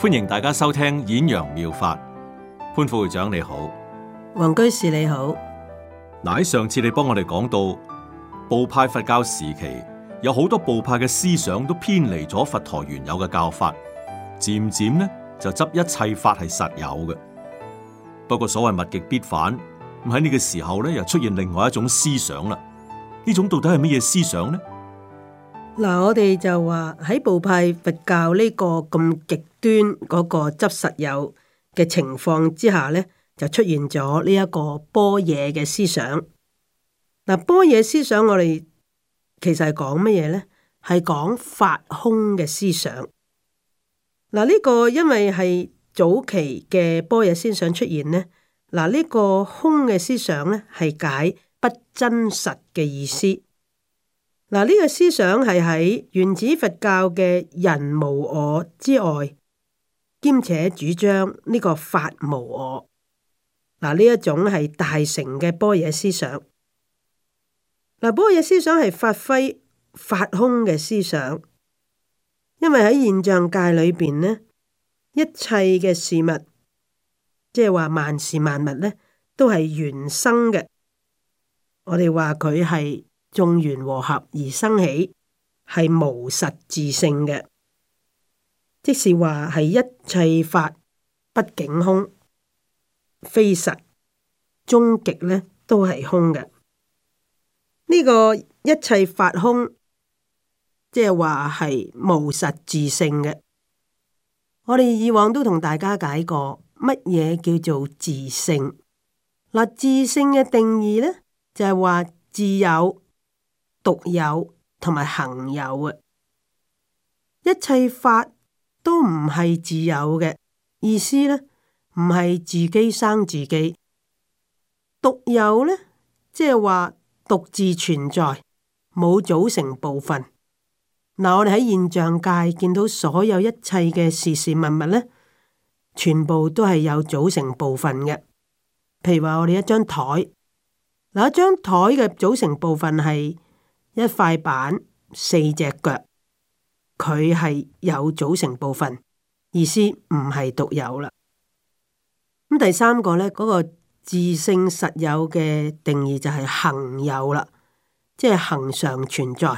歡迎大家收聽《演揚妙，妙法》。潘副會長你好，王居士你好。嗱，喺上次你幫我哋講到，部派佛教時期有好多部派嘅思想都偏離咗佛陀原有嘅教法，漸漸咧就執一切法係實有嘅。不過所謂物極必反，咁喺呢個時候咧又出現另外一種思想啦。呢種到底係乜嘢思想咧？嗱，我哋就話喺部派佛教呢個咁極端嗰個執實有嘅情況之下咧，就出現咗呢一個般若嘅思想。嗱，般若思想我哋其實係講乜嘢咧？係講法空嘅思想。嗱，呢個因為係早期嘅般若思想出現咧，嗱、這、呢個空嘅思想咧係解不真實嘅意思。嗱，呢個思想係喺原始佛教嘅人無我之外，兼且主張呢個法無我。嗱，呢一種係大乘嘅般若思想。嗱，般若思想係發揮法空嘅思想，因為喺現象界裏邊呢，一切嘅事物，即係話萬事萬物呢，都係緣生嘅。我哋話佢係，眾緣和合而生起，係無實自性嘅，即是話係一切法畢竟空，非實終極呢都係空嘅。呢、這個一切法空，即係話係無實自性嘅。我哋以往都同大家解過乜嘢叫做自性。嗱，自性嘅定義呢，就係、是、話自有。獨有同埋恒有嘅一切法都唔係自有嘅意思呢。唔係自己生自己。獨有呢，即係話獨自存在，冇組成部分。嗱，我哋喺現象界見到所有一切嘅事事物物呢，全部都係有組成部分嘅。譬如話我哋一張台，嗱，一張台嘅組成部分係。一塊板四隻腳，佢係有組成部分，意思唔係獨有啦。咁第三個呢，嗰個自性實有嘅定義就係恒有啦，即係恒常存在。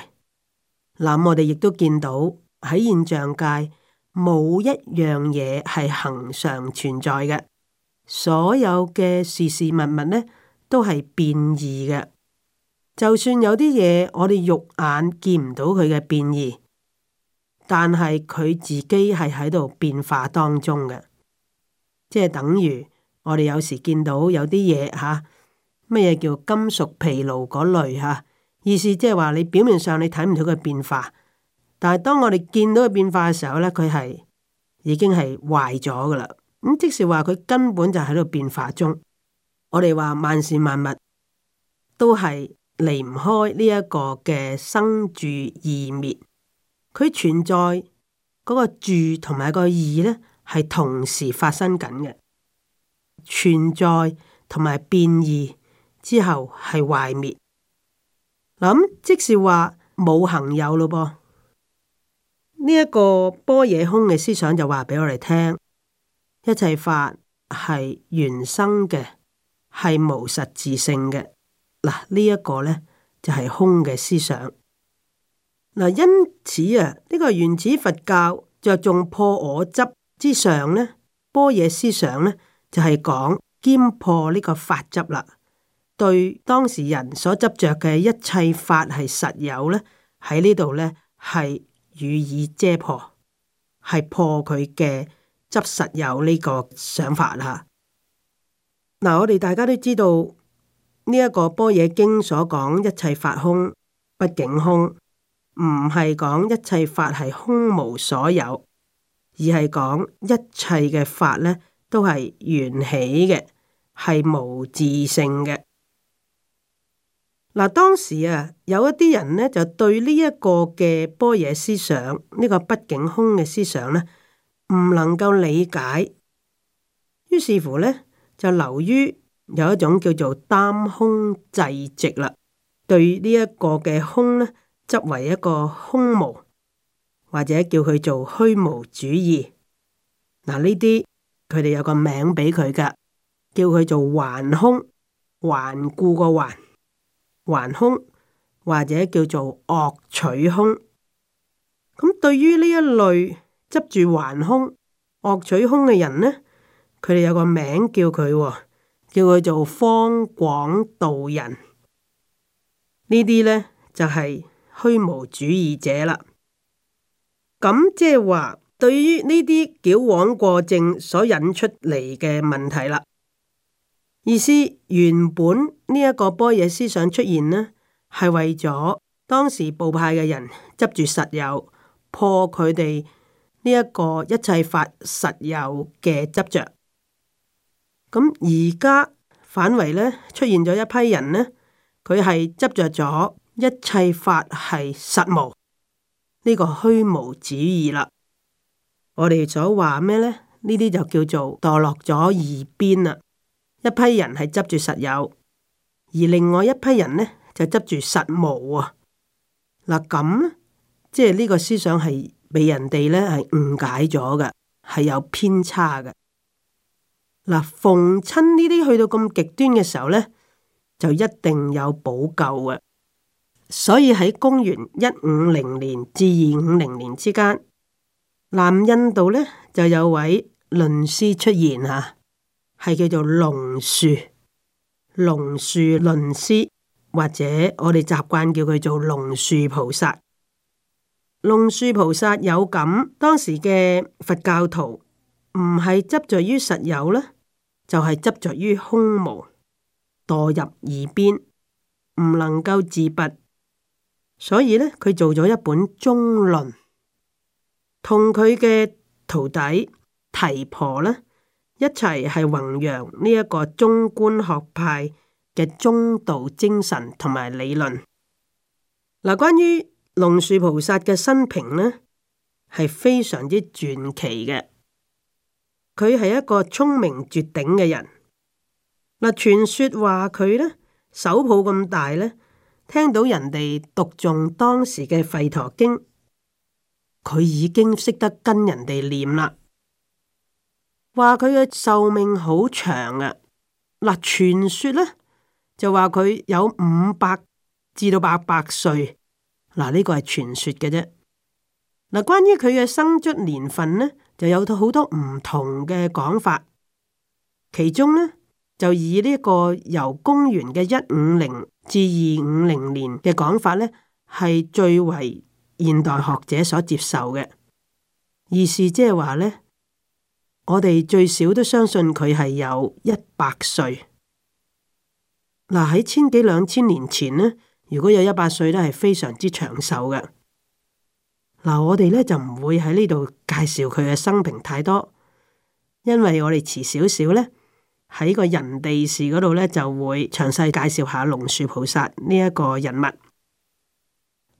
嗱，我哋亦都見到喺現象界冇一樣嘢係恒常存在嘅，所有嘅事事物物呢都係變異嘅。就算有啲嘢我哋肉眼見唔到佢嘅變異，但係佢自己係喺度變化當中嘅，即係等於我哋有時見到有啲嘢吓，乜嘢叫金屬疲勞嗰類吓，意思即係話你表面上你睇唔到佢變化，但係當我哋見到佢變化嘅時候咧，佢係已經係壞咗噶啦。咁即是話佢根本就喺度變化中，我哋話萬事萬物都係。離唔開呢一個嘅生住異滅，佢存在嗰個住同埋個異呢，係同時發生緊嘅，存在同埋變異之後係壞滅，咁即是話冇恆有咯噃。呢、這、一個般若空嘅思想就話俾我哋聽，一切法係緣生嘅，係無實質性嘅。嗱，呢一個呢，就係空嘅思想。嗱，因此啊，呢個原始佛教着重破我執之上呢，般若思想呢，就係講兼破呢個法執啦。對當時人所執着嘅一切法係實有呢。喺呢度呢，係予以遮破，係破佢嘅執實有呢個想法啦。嗱，我哋大家都知道。呢一個般若經所講一切法空、畢竟空，唔係講一切法係空無所有，而係講一切嘅法呢都係緣起嘅，係無自性嘅。嗱，當時啊有一啲人呢，就對呢一個嘅般若思想，呢個畢竟空嘅思想呢，唔能夠理解，於是乎呢，就流於，有一種叫做擔空滯寂，啦，對呢一個嘅空咧，執為一個空無，或者叫佢做虛無主義。嗱，呢啲佢哋有個名俾佢㗎，叫佢做頑空、頑固個頑、頑空，或者叫做惡取空。咁對於呢一類執住頑空、惡取空嘅人呢，佢哋有個名叫佢。叫佢做方廣道人，呢啲呢，就係虛無主義者啦。咁即係話，對於呢啲矯枉過正所引出嚟嘅問題啦，意思原本呢一個般若思想出現呢，係為咗當時部派嘅人執住實有，破佢哋呢一個一切法實有嘅執着。咁而家反為呢，出現咗一批人呢，佢係執着咗一切法係實無呢個虛無主義啦。我哋所話咩呢？呢啲就叫做墮落咗二邊啦。一批人係執住實有，而另外一批人呢，就執住實無啊。嗱咁，即係呢個思想係被人哋呢，係誤解咗嘅，係有偏差嘅。嗱，逢親呢啲去到咁極端嘅時候呢，就一定有補救嘅，所以喺公元一五零年至二五零年之間，南印度呢就有位論師出現吓，係叫做龍樹，龍樹論師或者我哋習慣叫佢做龍樹菩薩。龍樹菩薩有感當時嘅佛教徒，唔係執着於實有呢，就係執着於空無，墮入二邊，唔能夠自拔。所以呢，佢做咗一本論《中論》，同佢嘅徒弟提婆呢，一齊係弘揚呢一個中觀學派嘅中道精神同埋理論。嗱，關於龍樹菩薩嘅生平呢，係非常之傳奇嘅。佢係一個聰明絕頂嘅人。嗱，傳說話佢呢手抱咁大呢，聽到人哋讀誦當時嘅《吠陀經》，佢已經識得跟人哋念啦。話佢嘅壽命好長啊！嗱，傳說呢就話佢有五百至到八百歲。嗱，呢個係傳說嘅啫。嗱，關於佢嘅生卒年份呢，就有好多唔同嘅講法，其中呢，就以呢一個由公元嘅一五零至二五零年嘅講法呢，係最為現代學者所接受嘅，意思即係話呢，我哋最少都相信佢係有一百歲。嗱，喺千幾兩千年前呢，如果有一百歲呢係非常之長壽嘅。嗱，我哋咧就唔會喺呢度介紹佢嘅生平太多，因為我哋遲少少咧喺個人地事嗰度咧就會詳細介紹下龍樹菩薩呢一個人物。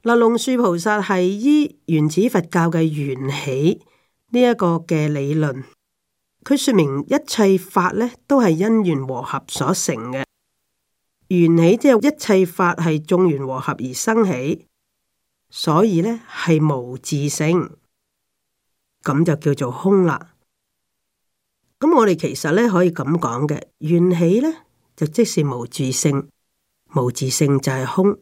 嗱，龍樹菩薩係依原始佛教嘅緣起呢一個嘅理論，佢說明一切法咧都係因緣和合所成嘅緣起，即係一切法係眾緣和合而生起。所以呢，係無自性，咁就叫做空啦。咁我哋其實呢，可以咁講嘅，緣起呢，就即是無自性，無自性就係空。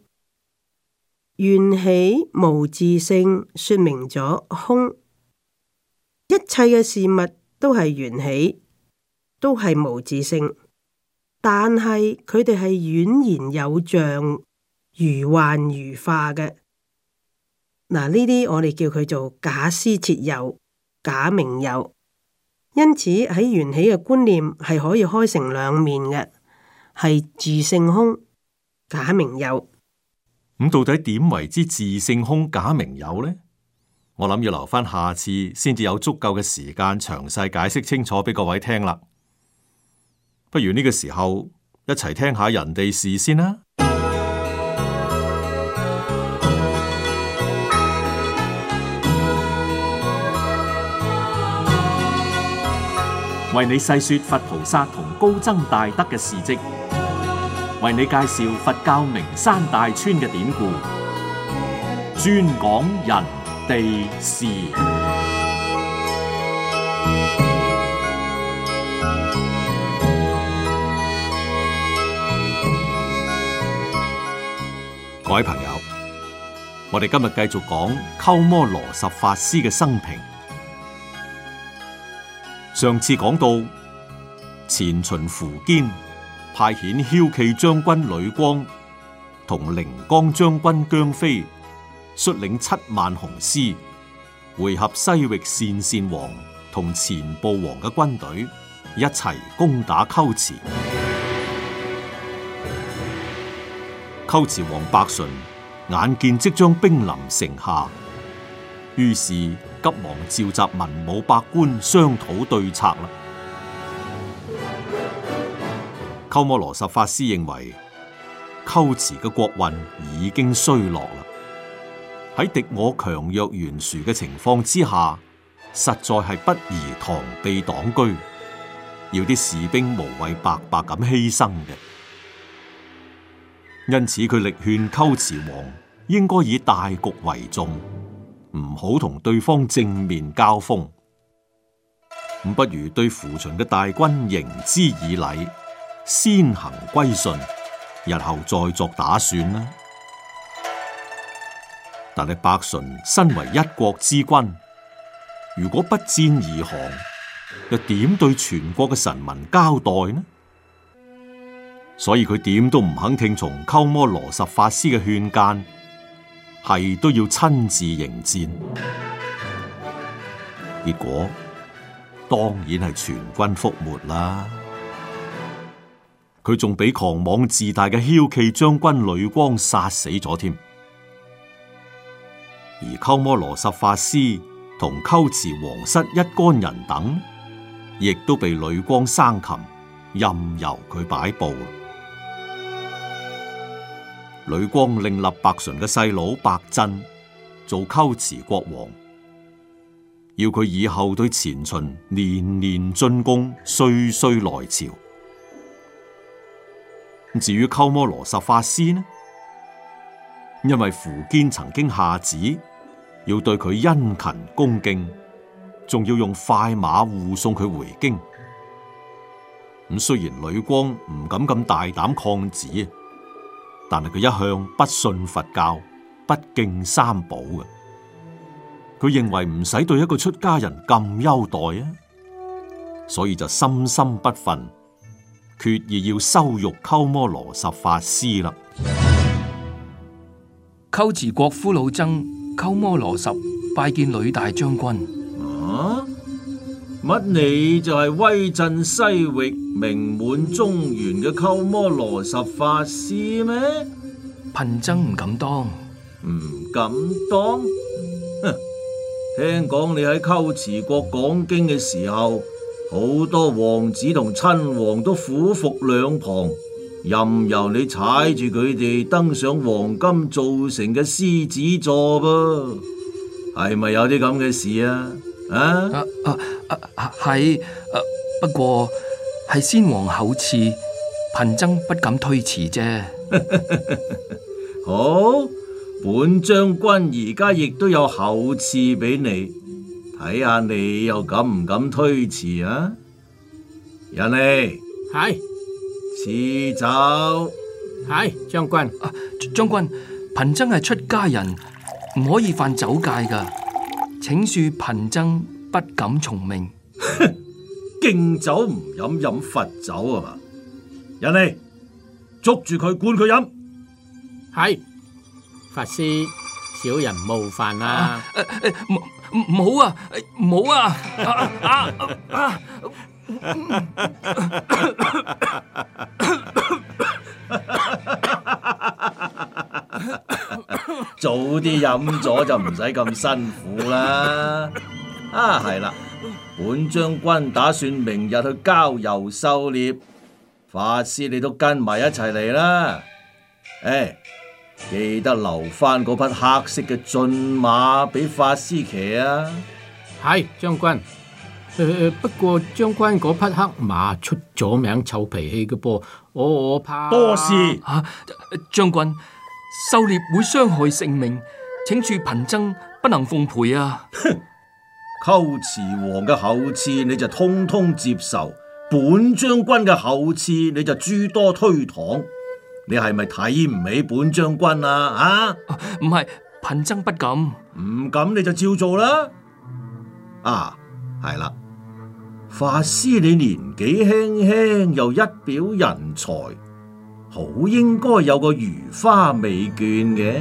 緣起無自性，說明咗空，一切嘅事物都係緣起，都係無自性，但係佢哋係宛然有像，如幻如化嘅。嗱，呢啲我哋叫佢做假施設有、假名有，因此喺緣起嘅觀念係可以開成兩面嘅，係自性空、假名有。咁、嗯、到底點為之自性空、假名有呢？我諗要留翻下次先至有足夠嘅時間詳細解釋清楚俾各位聽啦。不如呢個時候一齊聽下人哋事先啦、啊。為你細說佛菩薩同高僧大德嘅事迹，為你介紹佛教名山大川嘅典故，專講人地事。各位朋友，我哋今日繼續講鳩摩羅什法師嘅生平。上次講到，前秦苻堅派遣驍騎將軍呂光同陵江將軍姜飛率領七萬雄師，匯合西域鄯善王同前部王嘅軍隊，一齊攻打龜茲。龜茲王白純眼見即將兵臨城下，於是，急忙召集文武百官商討對策啦。鳩摩羅什法師認為，龜茲嘅國運已經衰落啦。喺敵我強弱懸殊嘅情況之下，實在係不宜螳臂擋車。要啲士兵無謂白白咁犧牲嘅。因此，佢力勸龜茲王應該以大局為重。唔好同對方正面交鋒，咁不如對扶秦嘅大軍迎之以禮，先行歸順，日後再作打算啦。但係白純身為一國之君，如果不戰而降，又點對全國嘅臣民交代呢？所以佢點都唔肯聽從鳩摩羅什法師嘅勸諫。係都要親自迎戰，結果當然係全軍覆沒啦。佢仲俾狂妄自大嘅驍騎將軍呂光殺死咗添，而鳩摩羅什法師同鳩慈皇室一干人等，亦都被呂光生擒，任由佢擺布。呂光另立白純嘅細佬白震做龜茲國王，要佢以後對前秦年年進攻，歲歲來朝。咁至於鳩摩羅什法師呢？因為苻堅曾經下旨要對佢殷勤恭敬，仲要用快馬護送佢回京。咁雖然呂光唔敢咁大膽抗旨。但係佢一向不信佛教，不敬三寶嘅。佢認為唔使對一個出家人咁優待啊，所以就心心不忿，決意要羞辱鳩摩羅什法師啦。龜茲國夫老僧鳩摩羅什，拜見呂大將軍。乜，你就係威震西域，名滿中原嘅鳩摩羅什法師咩？貧僧唔敢當，唔敢當。哼，聽講你喺龜茲國講經嘅時候，好多王子同親王都俯伏兩旁，任由你踩住佢哋登上黃金造成嘅獅子座噃，係咪有啲咁嘅事啊？啊！係、啊啊啊！不過係先王厚賜，貧僧不敢推辭啫。 好，本將軍而家亦都有厚賜俾你，睇下你又敢唔敢推辭啊？人嚟係，是賜酒係將軍啊！將軍，貧僧係出家人，唔可以犯酒戒噶。請恕貧僧不敢從命。敬酒唔飲飲罰酒啊！人嚟，捉住佢灌佢飲。係，法師，小人冒犯啊。誒誒，唔唔唔好啊，唔好啊！啊啊啊！早啲飲咗就唔使咁辛苦啦！啊，係啦，本將軍打算明日去郊遊狩獵，法師你都跟埋一齊嚟啦。誒，記得留返嗰匹黑色嘅駿馬俾法師騎啊。係將軍，誒，不過將軍嗰匹黑馬出咗名臭脾氣嘅噃，我我怕多事啊，將軍。狩獵會傷害性命，請恕貧僧不能奉陪啊！哼，龜茲王嘅厚賜你就通通接受，本將軍嘅厚賜你就諸多推搪，你係咪睇唔起本將軍啊？啊，唔係，啊，貧僧不敢。唔敢、嗯、你就照做啦。啊，係啦，法師你年紀輕輕又一表人才。好應該有個如花美眷嘅。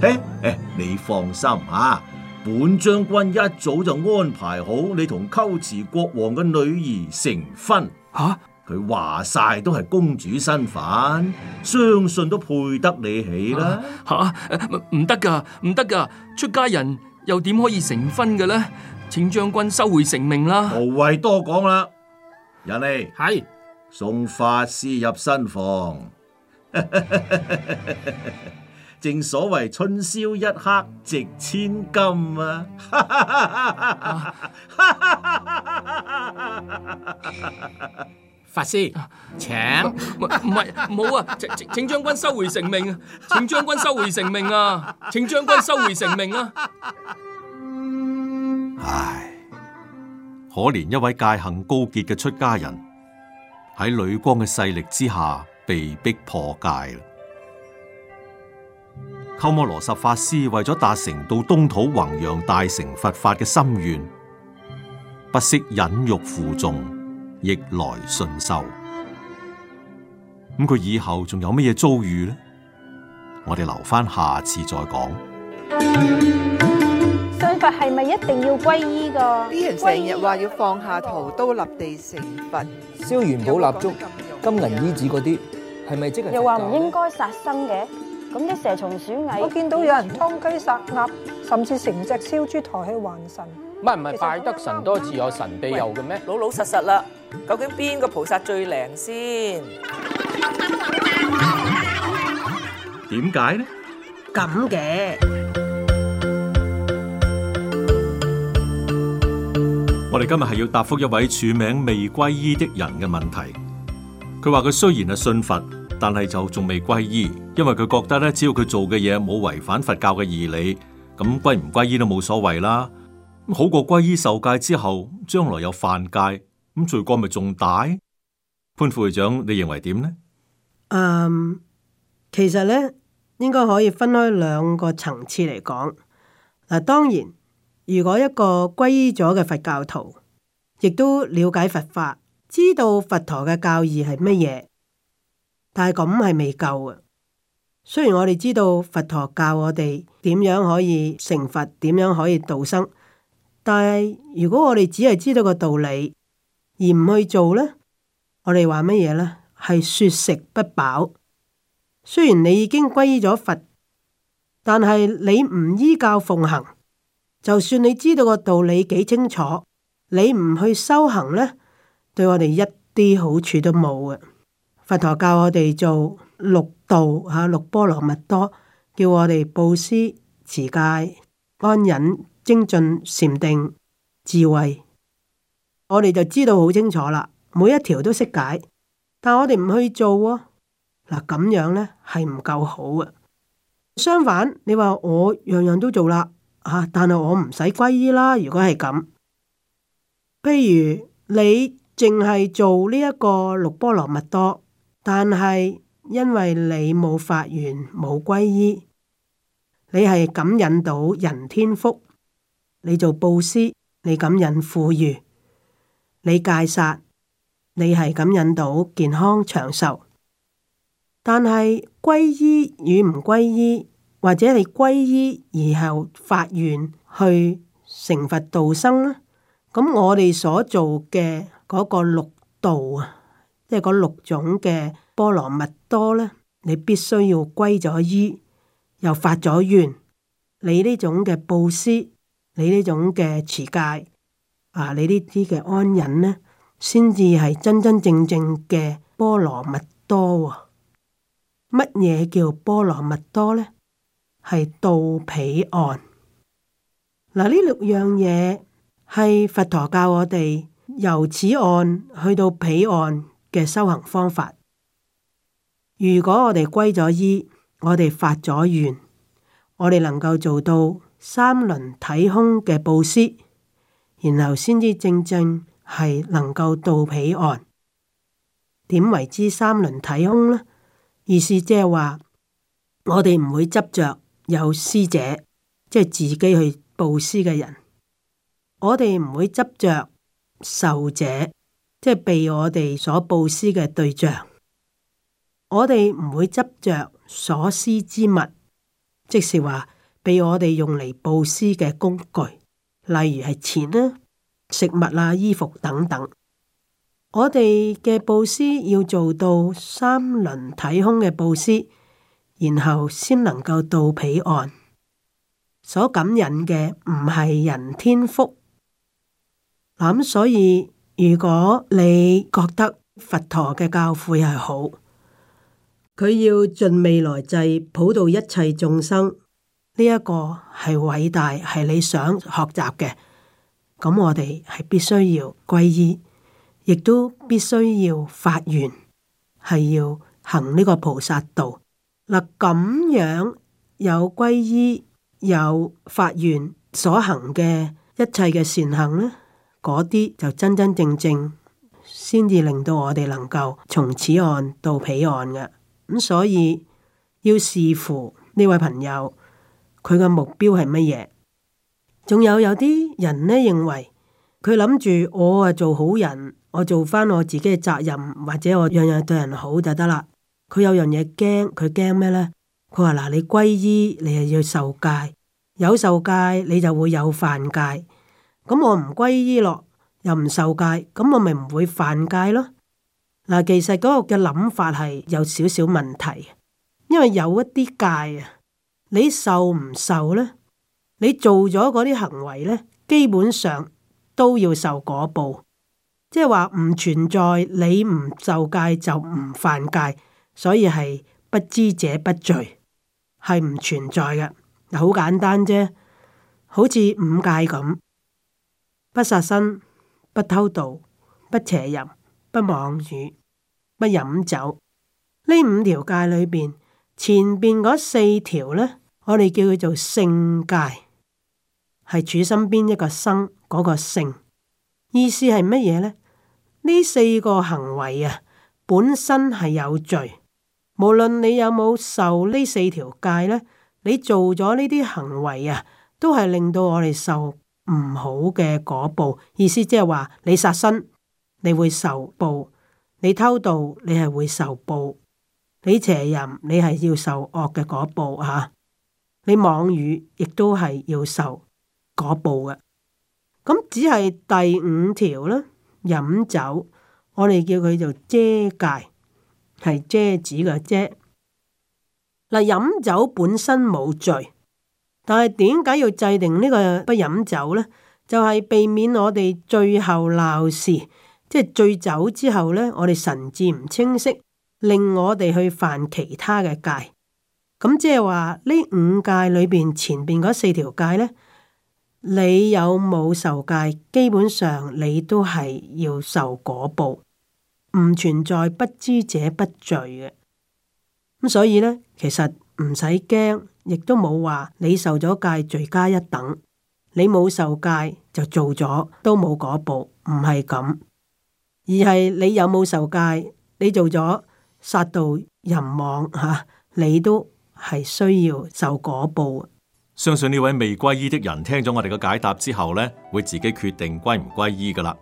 誒誒、欸，你放心啊，本將軍一早就安排好你同龜茲國王嘅女兒成婚。吓、啊，佢話晒都係公主身份，相信都配得你起啦。吓、啊，唔得噶，唔得噶。出家人又點可以成婚嘅咧？請將軍收回成命啦，無謂多講啦。人嚟係。送法師入新房， 正所謂春宵一刻值千金啊！ 啊 法師，請唔係唔好啊，請請將軍收回成命啊，請將軍收回成命啊，請將軍收回成命啊！唉，可憐一位戒行高潔嘅出家人。喺呂光嘅勢力之下，被迫破戒。鳩摩羅什法師為咗達成到東土弘揚大乘佛法嘅心願，不惜忍辱負重，逆來順受。咁佢以後仲有乜嘢遭遇呢？我哋留翻下次再講。係咪一定要皈依噶？啲人成日話要放下屠刀立地成佛，燒元寶蠟燭、金銀衣紙嗰啲，係咪即係？又話唔應該殺生嘅，咁啲蛇蟲鼠蟻，我見到有人劏雞殺鴨，甚至成隻燒豬抬去還神。唔係唔係，拜得神多自有神庇佑嘅咩？老老實實啦，究竟邊個菩薩最靈先？點解呢？咁嘅。今日係要答覆一位署名未歸依的人嘅問題。佢話佢雖然係信佛，但係就仲未歸依，因為佢覺得咧，只要佢做嘅嘢冇違反佛教嘅義理，咁歸唔歸依都冇所謂啦。好過歸依受戒之後，將來有犯戒，咁罪過咪仲大？潘副會長，你認為點呢？嗯，um, 其實咧應該可以分開兩個層次嚟講。嗱，當然。如果一個歸咗嘅佛教徒，亦都了解佛法，知道佛陀嘅教義係乜嘢，但係咁係未夠嘅。雖然我哋知道佛陀教我哋點樣可以成佛，點樣可以度生，但係如果我哋只係知道個道理而唔去做呢，我哋話乜嘢呢？係說食不飽。雖然你已經歸咗佛，但係你唔依教奉行。就算你知道個道理幾清楚，你唔去修行呢，對我哋一啲好處都冇嘅。佛陀教我哋做六道嚇、啊、六波羅蜜多，叫我哋布施、持戒、安忍、精進、禪定、智慧，我哋就知道好清楚啦。每一條都識解，但我哋唔去做喎、哦。嗱，咁樣呢係唔夠好嘅。相反，你話我樣樣都做啦。啊！但係我唔使皈依啦。如果係咁，譬如你淨係做呢一個六波羅蜜多，但係因為你冇發願、冇皈依，你係感引到人天福，你做布施，你感引富裕，你戒殺，你係感引到健康長壽。但係皈依與唔皈依？或者你皈依而後發願去成佛度生啦。咁我哋所做嘅嗰個六度啊，即係嗰六種嘅波羅蜜多呢，你必須要皈咗依，又發咗願，你呢種嘅布施，你呢種嘅持戒，啊，你呢啲嘅安忍呢，先至係真真正正嘅波羅蜜多喎、哦。乜嘢叫波羅蜜多呢？係到彼岸嗱，呢六樣嘢係佛陀教我哋由此岸去到彼岸嘅修行方法。如果我哋皈咗依，我哋發咗願，我哋能夠做到三輪體空嘅布施，然後先至正正係能夠到彼岸。點為之三輪體空呢？意思即係話我哋唔會執着。有施者，即係自己去布施嘅人。我哋唔會執着受者，即係被我哋所布施嘅對象。我哋唔會執着所施之物，即是話被我哋用嚟布施嘅工具，例如係錢啊、食物啊、衣服等等。我哋嘅布施要做到三輪體空嘅布施。然後先能夠到彼岸，所感引嘅唔係人天福，咁所以如果你覺得佛陀嘅教誨係好，佢要盡未來際普渡一切眾生，呢一個係偉大，係你想學習嘅，咁我哋係必須要皈依，亦都必須要發願，係要行呢個菩薩道。嗱，咁樣有皈依，有發願所行嘅一切嘅善行呢，嗰啲就真真正正先至令到我哋能夠從此岸到彼岸嘅。咁、嗯、所以要視乎呢位朋友佢嘅目標係乜嘢？仲有有啲人呢，認為佢諗住我啊，做好人，我做翻我自己嘅責任，或者我樣樣對人好就得啦。佢有樣嘢驚，佢驚咩咧？佢話：嗱，你皈依，你又要受戒，有受戒你就會有犯戒。咁我唔皈依咯，又唔受戒，咁我咪唔會犯戒咯。嗱，其實嗰個嘅諗法係有少少問題，因為有一啲戒啊，你受唔受咧？你做咗嗰啲行為咧，基本上都要受果報。即係話唔存在你唔受戒就唔犯戒。所以係不知者不罪係唔存在嘅，好簡單啫，好似五戒咁，不殺生、不偷盜、不邪淫、不妄語、不飲酒。呢五條戒裏邊，前邊嗰四條呢，我哋叫佢做性戒，係豎心邊一個生嗰個性，意思係乜嘢呢？呢四個行為啊，本身係有罪。無論你有冇受呢四條戒咧，你做咗呢啲行為啊，都係令到我哋受唔好嘅果報。意思，即係話你殺生，你會受報；你偷盜，你係會受報；你邪淫，你係要受惡嘅果報，啊，吓；你妄語，亦都係要受果報嘅。咁只係第五條啦，飲酒，我哋叫佢做遮戒。係遮子嘅遮。嗱，飲酒本身冇罪，但係點解要制定呢個不飲酒呢？就係、是、避免我哋醉後鬧事，即係醉酒之後呢，我哋神智唔清晰，令我哋去犯其他嘅戒。咁、嗯、即係話呢五戒裏邊前邊嗰四條戒呢，你有冇受戒？基本上你都係要受果報。唔存在不知者不罪嘅，咁所以呢，其實唔使驚，亦都冇話你受咗戒，罪加一等；你冇受戒就做咗，都冇果報，唔係咁，而係你有冇受戒，你做咗殺到人亡吓、啊，你都係需要受果報。相信呢位未皈依的人，聽咗我哋嘅解答之後呢，會自己決定歸唔皈依㗎喇。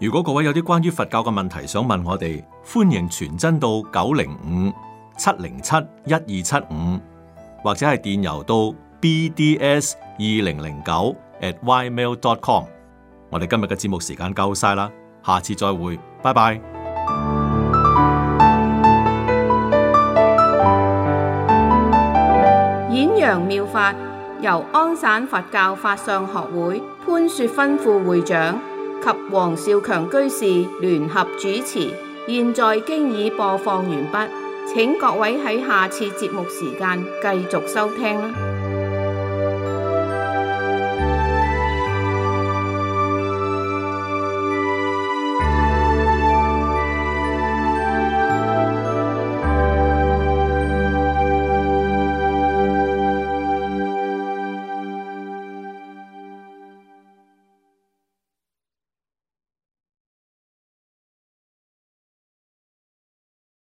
如果各位有啲關於佛教嘅問題想問我哋，歡迎傳真到九零五七零七一二七五，75, 或者係電郵到 bds 二零零九 @ymail.com。我哋今日嘅節目時間夠晒啦，下次再會，拜拜。演揚妙法，由安省佛教法相學會潘雪芬副會長。及王少強居士聯合主持，現在經已播放完畢，請各位喺下次節目時間繼續收聽。